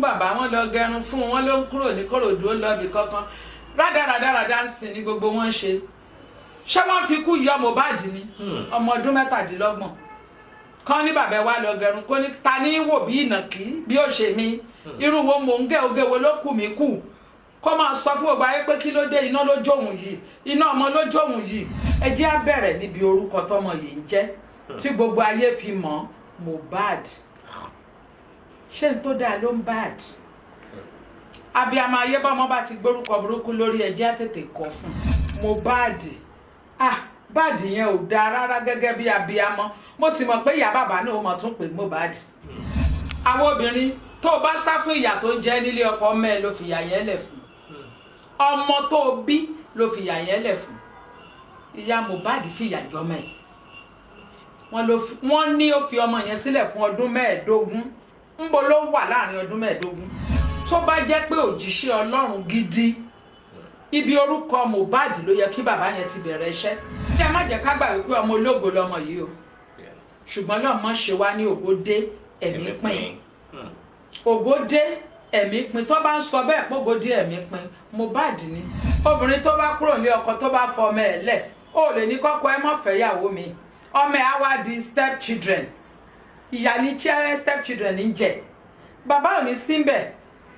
fún bàbá wọn lọ gẹrun fún wọn ló ń kúrò ní kòròdú ó lọ bí kankan rádaràdaràdà ń sìn ní gbogbo wọn ṣe ṣé wọn fi kú yọ Mohbad ni hmm. ọmọ ọdún mẹ́tàdínlọ́gbọ̀n kan ní bàbá wa lọ gẹrun kó ní ta ní wò bí ìnàkí bí ó ṣe mí hmm. irun wo mò ń gẹ oge wo ló kù mí kù kó máa sọ fún gbogbo ayé pé kí ló dé iná lójó òun yìí iná ọmọ lójó òun yìí ẹ á bẹ̀rẹ̀ níbi orúkọ tọmọ yìí ń jẹ́ hmm. tí gbogbo ayé fi mọ̀ Mohbad ṣé n tó dáa ló ń bad abiyamọ ayébọmọ bá ti gbórúkọ burúkú lórí ẹjẹ àtètè kọ fún mo bad ah bad yẹn ò dáa rárá gẹ́gẹ́ bí abiyamọ mo sì mọ̀ pé ìyá bàbá náà ó mọ̀ tún pé mo bad àwọn obìnrin tó o bá sá fún ìyà tó ń jẹ nílé ọkọ mẹ́ẹ̀ ló fìyà yẹn lẹ̀ fún ọmọ tó o bí ló fìyà yẹn lẹ̀ fún ìyá Mohbad fìyà jọmọ ẹ̀ wọ́n ní ó fi ọmọ yẹn sílẹ̀ fún ọdún mẹ́ẹ̀ẹ́dógún ńbo ló wà láàrin ọdún mẹ́ẹ̀ẹ́dógún tó bá jẹ́ pé òjíṣẹ́ ọlọ́run gidi ibi orúkọ Mohbad ló yẹ kí bàbá yẹn ti bẹ̀rẹ̀ iṣẹ́ ṣé ẹ má jẹ́ ká gbà wípé ọmọ ológo lọmọ yìí o ṣùgbọ́n lọ́mọ ṣe wá ní ògòdé ẹ̀mí pin ògòdé ẹ̀mí pin tó bá ń sọ bẹ́ẹ̀ pògòdé ẹ̀mí pin Mohbad ni obìnrin tó bá kúrò ní ọkọ tó bá fọmọ ẹ̀ lẹ̀ o lè ní kọ́kọ́ ẹ má fẹ́yàwó mi ọmọ ẹ̀ á wá di step children ìyá ni chair step children ń jẹ bàbá ò ní síbẹ̀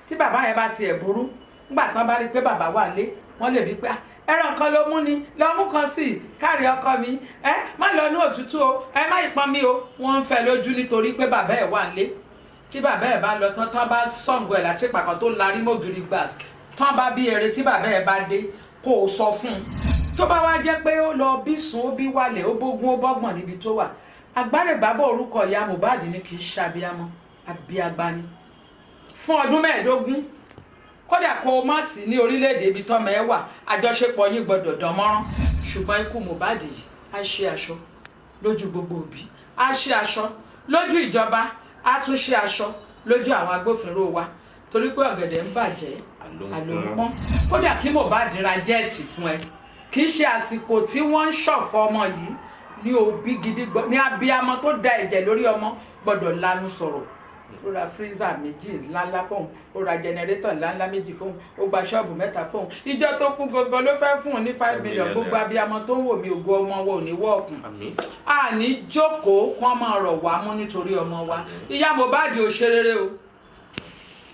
tí bàbá yẹn bá tiẹ̀ burú nígbà tí wọ́n bá rí i pé bàbá wà lé wọ́n lè bí pé ah, ẹran kan ló mú ni lọ mú kan sí i káàrí ọkọ mi ẹ má lọ ní òtútù o ẹ má ìpọn mi o wọ́n ń fẹ́ lójú nítorí pé bàbá ẹ wà nílé tí bàbá ẹ bá lọ tán tán bá sọǹgù ẹ láti pàkàn tó larí mọgìrì gbàs tán bá bí eré tí bàbá ẹ bá dé kó o sọ fún un tó bá wá jẹ́ pé ó lọ bí sùn ó bí wálẹ̀ ó bógun ó bọ́gbọ̀n níbi tó wà agbárèbábọ̀ orúkọ ìyá Mohbad ni kì í ṣàbíamọ àbíagbani fún ọdún mẹ́ẹ̀ẹ́dógún kódà kó o má sí ní orílẹ̀-èdè ibi tọ́mọ ẹ wà àjọṣepọ̀ yín gbọ́dọ̀ dán mọ́rán ṣùgbọ́n ikú Mohbad yìí á ṣe aṣọ lójú gbogbo òbí á ṣe aṣọ lójú ìjọba á tún ṣe aṣọ lójú àwọn agbófinró wa torí pé ọ̀gẹ̀dẹ̀ ń bàjẹ́ àlòmọ́ kódà kí Mohbad ra jẹ́ẹ̀tì fún ẹ kì í ṣe àsìkò tí wọ́n ń ṣọ̀fọ̀ ọmọ yìí ní òbí gidi gbọ́ ní abiyamọ tó da ẹ̀jẹ̀ lórí ọmọ gbọ́dọ̀ lanu sọ̀rọ̀ ó ra freezer méjì ńláńlá fóun ó ra generator ńláńlá méjì fóun ó gba ṣọ́ọ̀bù mẹ́ta fóun ìjọ tó kú gbogbo ló fẹ́ fún un ní five million gbogbo abiyamọ tó ń wò mí ògo ọmọ wo ní wọ́ọ̀kùn àní jókòó kán máa rọ̀ wá mú nítorí ọmọ wa ìyá Mohbad ò ṣe rere o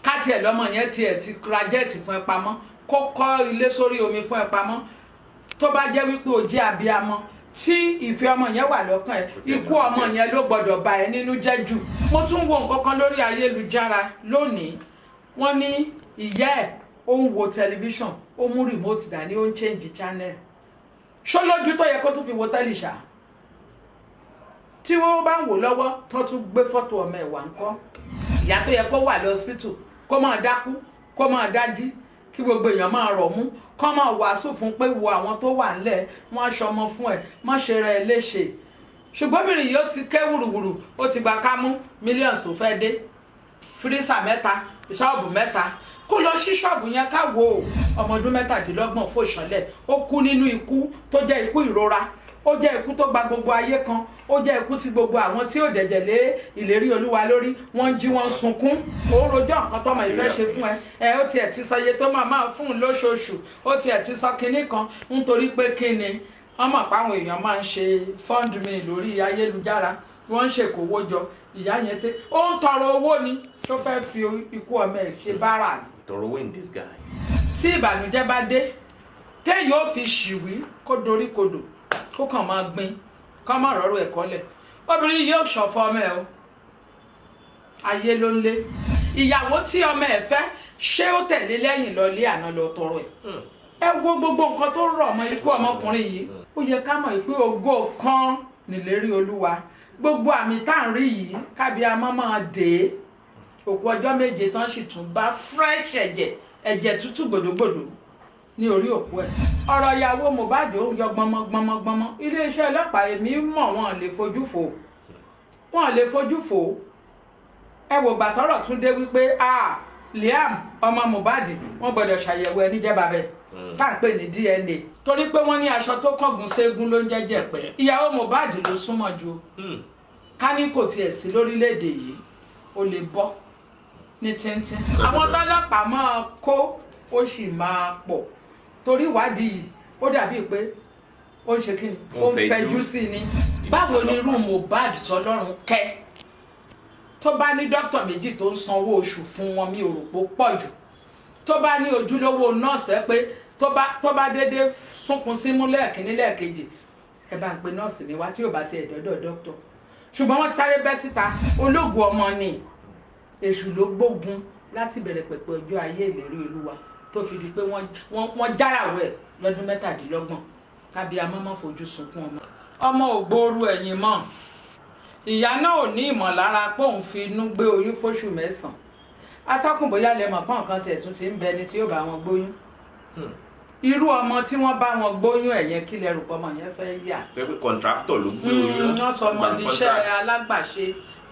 ká tiẹ̀ lọ́mọ yẹn tiẹ̀ ti ra jẹ́ẹ̀tì fún ẹ pamọ́ kó kọ́ ilé sórí omi fún ẹ pamọ́ tó bá jẹ́ wípé o jẹ́ abiyamọ tí ìfẹ́ ọmọ yẹn wà lọ́kàn ẹ ikú ọmọ yẹn ló gbọ́dọ̀ bà ẹ́ nínú jẹ́ jù mo tún wo nǹkan kan lórí ayélujára lónìí wọ́n ní ìyá ẹ̀ ó ń wo tẹlifíṣàn ó mú rìmọ́tì dání ó ń change channel ṣó lójú tó yẹ kó tún fi wo tẹ́lìṣà tí wọ́n bá ń wò lọ́wọ́ tó tún gbé fọ́tò ọmọ ẹ̀ wá ń kọ́ ìyá tó yẹ kó wà lọ́sítù kó máa dákú kó máa dájí kí gbogbo èèyàn máa rọ̀ mú kọ́ máa wàásù fún pé wo àwọn tó wà ńlẹ̀ wọ́n aṣọ ọmọ fún ẹ̀ má ṣe ra ẹ léṣe ṣùgbọ́n obìnrin yìí ó ti ké wùrùwùrù ó ti gba kámú millions tó fẹ́ dé fírísà mẹ́ta ṣọ́ọ̀bù mẹ́ta kó lọ sí ṣọ́ọ̀bù yẹn káwo ọmọ ọdún mẹ́tàdínlọ́gbọ̀n fòṣọlẹ̀ ó kú nínú ikú tó jẹ́ ikú ìrora ó jẹ́ ikú tó gba gbogbo ayé kan ó jẹ́ ikú ti gbogbo àwọn tí ò dẹ̀jẹ̀ lé ìlérí olúwa lórí wọ́n jí wọ́n sunkún ó rojọ́ nǹkan tọmọ ìfẹ́ ṣe fún ẹ ẹ ó tiẹ̀ ti sọ iye tó máa máa fún un lóṣooṣù ó tiẹ̀ ti sọ kinní kan nítorí pé kinní wọ́n mọ̀ pé àwọn èèyàn máa ń ṣe fund me lórí ayélujára wọ́n ń ṣèkówó jọ ìyá yẹn tẹ́ ó ń tọrọ owó ni tó fẹ́ fi ikú ọmọ ẹ̀ ṣe bára tí ìbànújẹ́ bá dé téèyàn ò fi ṣìwí kó dorí kodò kó kàn máa gbin ká má rọrùn ẹ̀kọ́ lẹ̀ obìnrin yóò ṣọ̀fọ̀ ọmọ ẹ̀ o ayé ló ń lé ìyàwó tí ọmọ ẹ̀ fẹ́ ṣé ó tẹ̀lé lẹ́yìn lọ lé àná lọ tọrọ ẹ̀ hmm. ẹ wo gbogbo nǹkan tó rọ̀ ọmọ ikú ọmọkùnrin yìí hmm. ó yẹ ká mọ̀ pé ògo kan nìlérí olúwa gbogbo àmì tá à ń rí yìí kábí amọ́ máa dé òkú ọjọ́ méje tán sì tún bá fresh ẹ̀jẹ̀ ẹ̀jẹ̀ tútù gbòdògbòdò ní orí òkú ẹ̀ ọ̀rọ̀ ìyàwó Mohbad ó yọ gbọmọ gbọmọ gbọmọ iléeṣẹ́ ọlọ́pàá èmi mọ̀ wọn lè fojú fò wọn lè fojú fò ẹ wò gbàtọ́rọ̀ tún dé wípé a Liam ọmọ Mohbad wọn gbọ́dọ̀ ṣàyẹ̀wò ẹni jẹ́ bàbẹ̀ hmm. tá à ń pè ní DNA torí pé wọ́n ní aṣọ tó kángun ségun ló ń jẹ́jẹ́ pẹ́ hmm. ìyàwó Mohbad ló súnmọ́ ju hmm. ká ní kò tiẹ̀ sí lórílẹ̀‐èdè yìí ó lè bọ́ ní tíntín àwọn tọ́lọ́pàá máa kó ó sì máa pọ̀ torí ìwádìí yìí ó dàbíi pé ó ń ṣe kí ni ó ń fẹjú sí ni báwo ni irú Mohbad tọlọ́run kẹ́ tó bá ní dókítà méjì tó ń sanwó oṣù fún wọn mi ò rò pó pọ̀ jù tó bá ní ojúlówó nọ́ọ̀sì ẹ pé tó bá déédéé sunkún símú lẹ́ẹ̀kínní lẹ́ẹ̀kejì ẹ bá ń pe nọ́ọ̀sì ni wá tí ò bá ti ẹ̀dọ́dọ̀ dókítà ṣùgbọ́n wọ́n ti sáré bẹ́ síta ológun ọmọ ni èṣù ló gbógun láti bẹ̀rẹ̀ pẹ̀pẹ̀ ọjọ́ ayé ìlérí olúwa tó fi di pé wọ́n járàwọ̀ ẹ̀ lọ́dún mẹ́tàdínlọ́gbọ̀n kábí amọ́mọ́ fojú sunkún ọmọ. ọmọ ò gbóoru ẹ̀yìn mọ́ ìyá náà ò ní ìmọ̀lára pé òun fi inú gbé oyún fóṣù mẹ́sàn-án atọ́kùn bóyá lè mọ̀ pọ́n nǹkan tiẹ̀ tún ti ń bẹ ni tí yóò bá wọn gbóyún hmm. irú ọmọ tí wọ́n bá wọn gbóyún ẹ̀yẹn kí lẹ́rù pọ́mọ yẹn fẹ́ yà. pé kọ̀ǹtráktọ̀ ló gbé oyún. Hmm, wọ́n sọ ọmọ iṣẹ́ alágbàṣe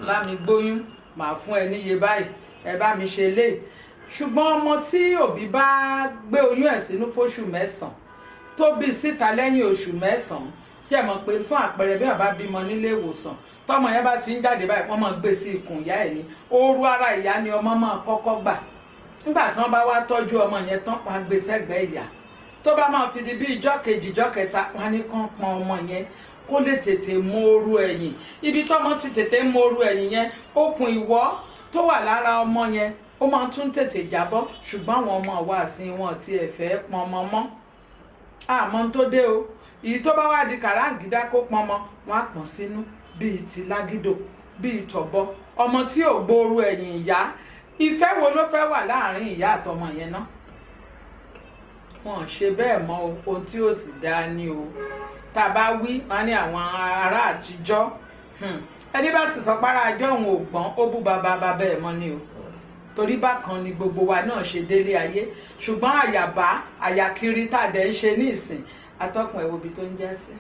lámi hmm. gbóyún màá fún ẹ níye báyìí ẹ bá mi ṣe léè ṣùgbọ́n ọmọ tí òbí bá gbé oyún ẹ̀ sínú fóṣù mẹ́sàn-án tó bí síta lẹ́yìn oṣù mẹ́sàn-án tí ẹ mọ̀ pé fún àpẹẹrẹ bí bàbá bímọ nílé ìwòsàn tọmọ yẹn bá ti ń jáde báyìí wọ́n máa gbé sí ikùn ìyá ẹ̀ ní ooru ara ìyá ni ọmọ máa kọ́kọ́ gbà nígbà tí wọ́n bá wá tọ́jú ọmọ yẹn tán pa gbé sẹ́gbẹ̀ẹ́ ìyá tó bá máa fi di bí ìjọ́ kejì ìjọ́ kẹta wọn ní kán pọn ọmọ yẹn kó lè tètè mọ ooru ẹ̀yìn ibi tọ́mọ ti tètè mọ ooru ẹ̀yìn yẹn okùn ìwọ́ tó wà lára ọmọ yẹn ó máa tún tètè jábọ́ ṣùgbọ́n àwọn ọmọ àwa àsìn wọn ti ẹ̀fẹ́ pọn ọmọ mọ́ àmọ́ tó dé o èyí tó bá wá di kàràǹgídá kó pọn ọmọ wọn á pọ̀n sínú bíi ti lágídò bíi tọ̀bọ ọmọ tí ò gbooru ẹ̀yìn ìyá ìfẹ́ wo ló fẹ́ wà láàrin ìyá àtọmọ yẹn náà wọn ṣe bẹ́ẹ̀ mọ́ ohun tí ò sì dáa ni o tá a bá wí wọn ní àwọn ará àtijọ́ hmm. ẹni bá sì sọ párá àjọ òun ò gbọ́n ó bú bàbá bàbá mọ́ ni o torí bákan ni gbogbo wa náà ṣe délé ayé ṣùgbọ́n àyàbá àyàkiri tàdé ń ṣe ní ìsìn atọ́kùn ẹ̀wòbi tó ń já sí.